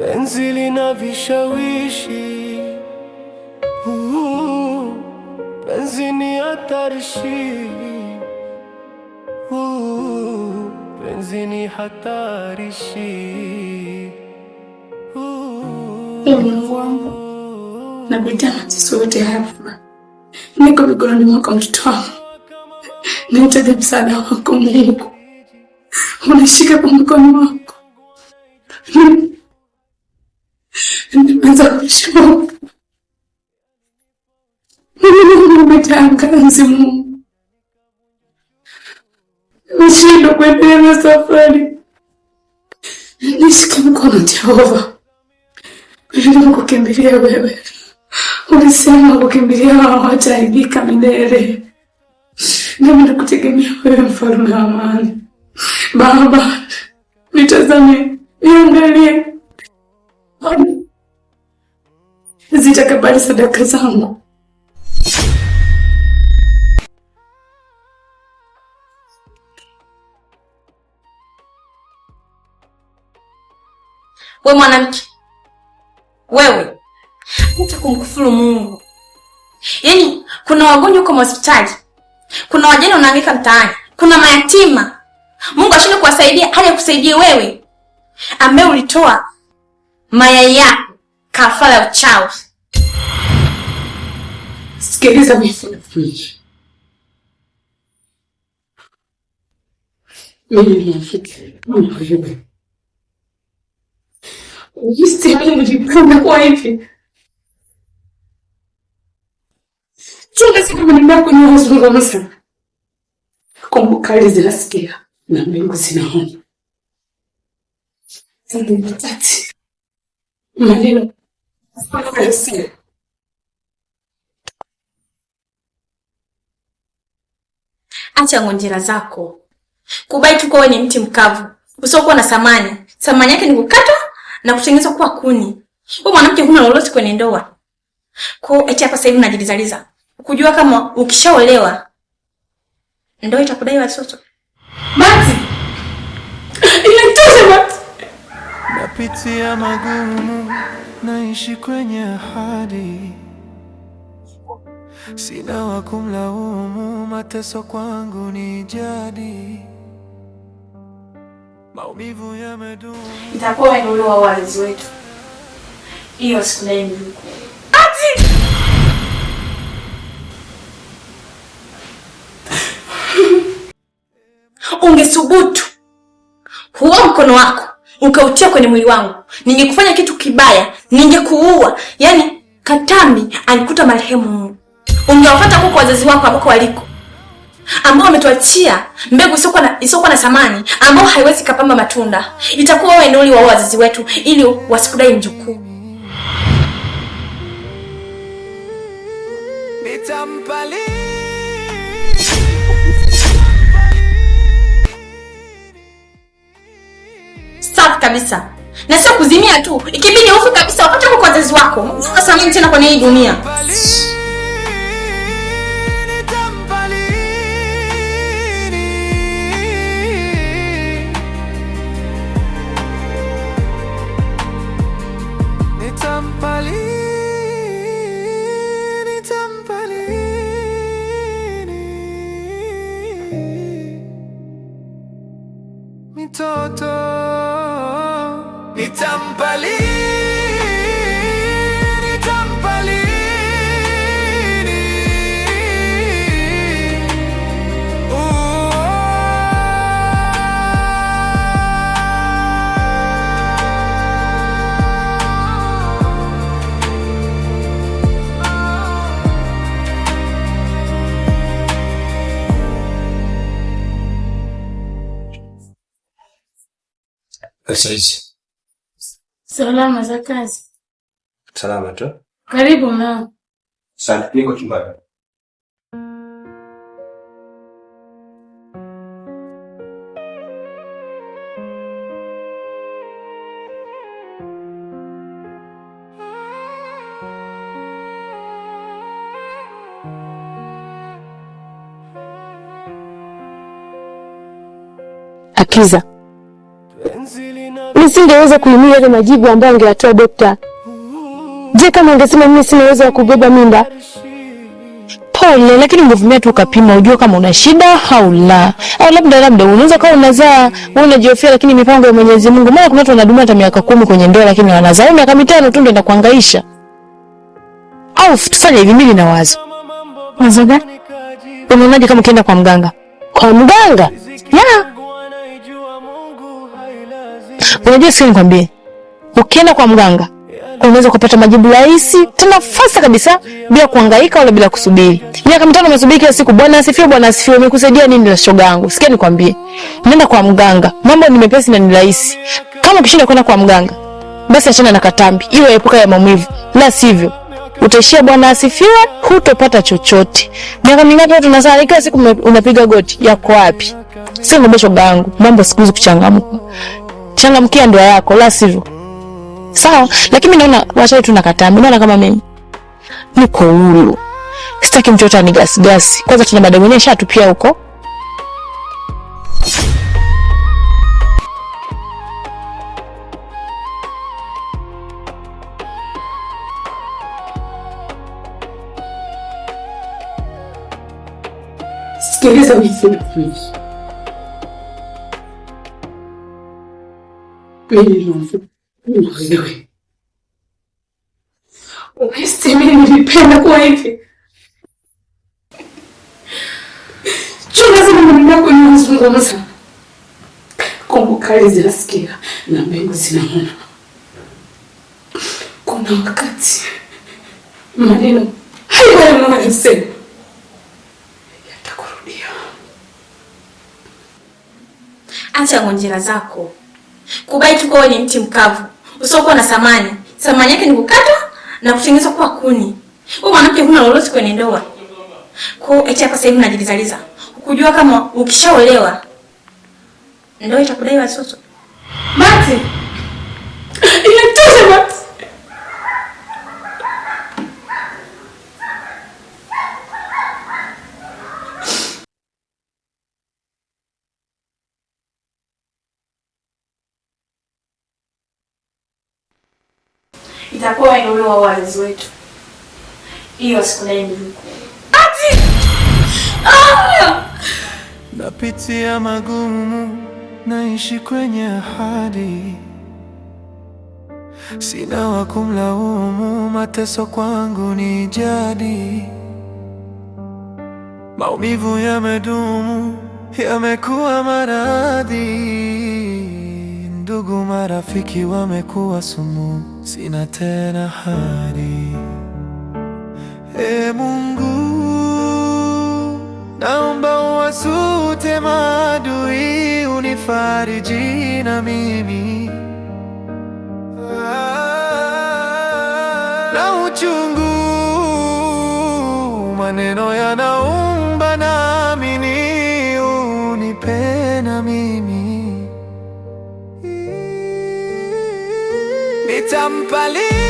penzi lina vishawishi, penzi ni hatarishi, penzi ni hatarishi. Mungu wangu, napitia mateso yote hapa, niko mikononi mwako, mtoto wangu, nahitaji msaada wako. Mungu, unashika kwa mkono wako Umetangazi Mungu, nishindwe kuendelea na safari. Nishike mkono Jehova, nilikukimbilia wewe. Ulisema kukimbilia wao hawataaibika milele, nami nakutegemea wewe, mfalme wa amani. Baba, nitazame, niangalie zitakabali sadaka zangu. We mwanamke wewe, nita kumkufuru Mungu. Yaani kuna wagonjwa kwa hospitali, kuna wajane wanaangaika mtaani, kuna mayatima, Mungu ashinde kuwasaidia hali ya kusaidia wewe ambaye ulitoa mayai yako kafara ya uchawi. Sikiliza mimi, mimi kwa hivi chunga siku maneno yako yanayozungumza Kumbuka hali zinasikia na mbingu zinaona. Maneno acha ngonjera zako. Kubaki kuwa ni mti mkavu usiokuwa na samani samani yake ni kukatwa na kutengenezwa kuwa kuni. Wewe mwanamke huna lolote kwenye ndoa. Kwa hiyo eti hapa sasa hivi unajilizaliza. Kujua kama ukishaolewa ndoa itakudai watoto. Mati. Inatosha Mati. Napitia magumu, naishi kwenye ahadi. Sina wa kumlaumu, mateso kwangu ni jadi, maumivu yamedumu. Itakuwa inuliwa wazazi wetu, hiyo sikudai Ungesubutu huo mkono wako ukautia kwenye mwili wangu, ningekufanya kitu kibaya, ningekuua. Yaani Katambi alikuta marehemu ungewafuata kuko wazazi wako ambako waliko, ambao wametuachia mbegu isiokuwa na isiokuwa na thamani, ambao haiwezi kapamba matunda. Itakuwa wewe ndio uliwao wazazi wetu, ili wasikudai mjukuu. Safi kabisa, na sio kuzimia tu, ikibidi ufu kabisa, wapate kwa wazazi wako. Sasa mimi tena kwenye hii dunia Saizi salama za kazi? Salama tu. Karibu mama. Asante, niko chumbani. Akiza nisingeweza kuhimili yale majibu ambayo angeyatoa dokta. Je, kama angesema mimi sina uwezo wa kubeba mimba? Pole, lakini ungevumia tu ukapima ujue kama una shida au la. Au labda labda unaweza kawa unazaa, wewe unajiofia, lakini mipango ya Mwenyezi Mungu. Maana kuna watu wanadumu hata miaka kumi kwenye ndoa lakini wanazaa miaka mitano tu ndio inakuhangaisha. Au tufanye hivi, mimi na wazo. Wazo gani? Unaonaje kama ukienda kwa mganga? Kwa mganga? Yeah. Unajua sio nikwambie, ukienda kwa mganga unaweza kupata majibu rahisi tena fasta kabisa bila kuhangaika wala bila kusubiri. Miaka mitano umesubiri kila siku, bwana asifiwe, bwana asifiwe, umekusaidia nini na shoga yangu? Sikia nikwambie, nenda kwa mganga, mambo ni mepesi na ni rahisi. Kama ukishinda kwenda kwa mganga, basi achana na katambi, iwe epuka ya maumivu, la sivyo utaishia bwana asifiwe, hutopata chochote. Miaka mingapi watu nasali kila siku, unapiga goti, yako wapi? Sio ngobe gangu, mambo siku hizi kuchangamuka changamkia ndoa yako, la sivyo sawa. Lakini naona wacha tu nakataa. Mimi naona kama mimi niko huru, sitaki mtu yote anigasigasi. Kwanza tuna madai mwenyewe shatupia huko. Sikiliza mzuri. nilivu wewe. Unahisi mimi nilipenda kuwa hivi? Chunga sana maneno yako zinasikia na mbingu zinaona. Kuna wakati maneno hayo unayosema yatakurudia. Acha ngonjera zako. Kubaiki kwao ni mti mkavu usiokuwa na samani samani yake ni kukatwa na kutengenezwa kuwa kuni. Wewe mwanamke huna lolote kwenye ndoa. Kwa eti hapa sasa hivi Ukujua kama ukishaolewa ndoa itakudai watoto. Mati wameua wazazi wetu. Hiyo sikudai ndugu. Ati! Napitia magumu, naishi kwenye ahadi, sina wa kumlaumu, mateso kwangu ni jadi, maumivu yamedumu, yamekuwa maradhi Ndugu marafiki wamekuwa sumu, sina tena hari. E Mungu, naomba uwasute maadui, unifariji na mimi na uchungu, maneno yana Kitambalii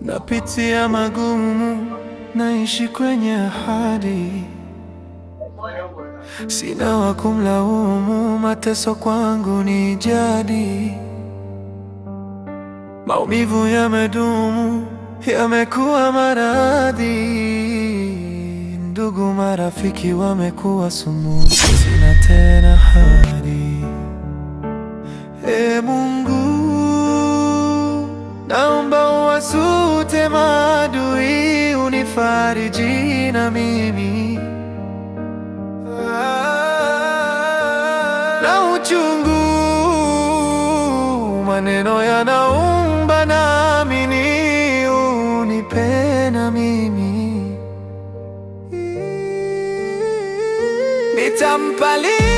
napitia magumu, naishi kwenye ahadi, sina wa kumlaumu, mateso kwangu ni jadi, maumivu yamedumu, yamekuwa maradhi Ndugu marafiki wamekuwa sumu, sina tena hadi. E Mungu nifarijina mimi na uchungu, maneno yanaumba, naamini unipenda mimi, nitampali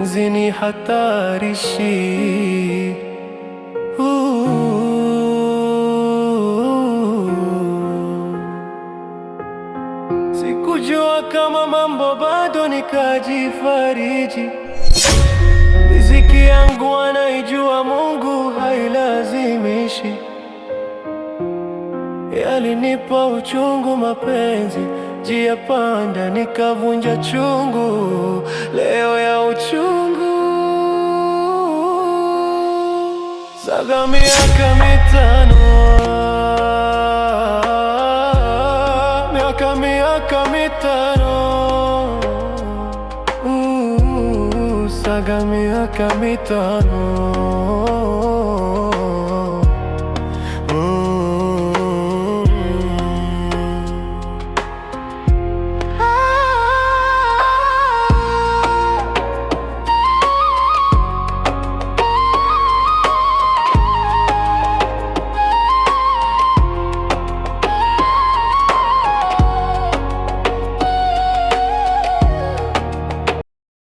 mapenzi ni hatarishi. Sikujua kama mambo bado, nikajifariji. Riziki yangu anaijua Mungu, hailazimishi. Yalinipa uchungu mapenzi njia panda, nikavunja chungu leo ya uchungu. Saga miaka mitano, miaka miaka mitano, uh, saga miaka mitano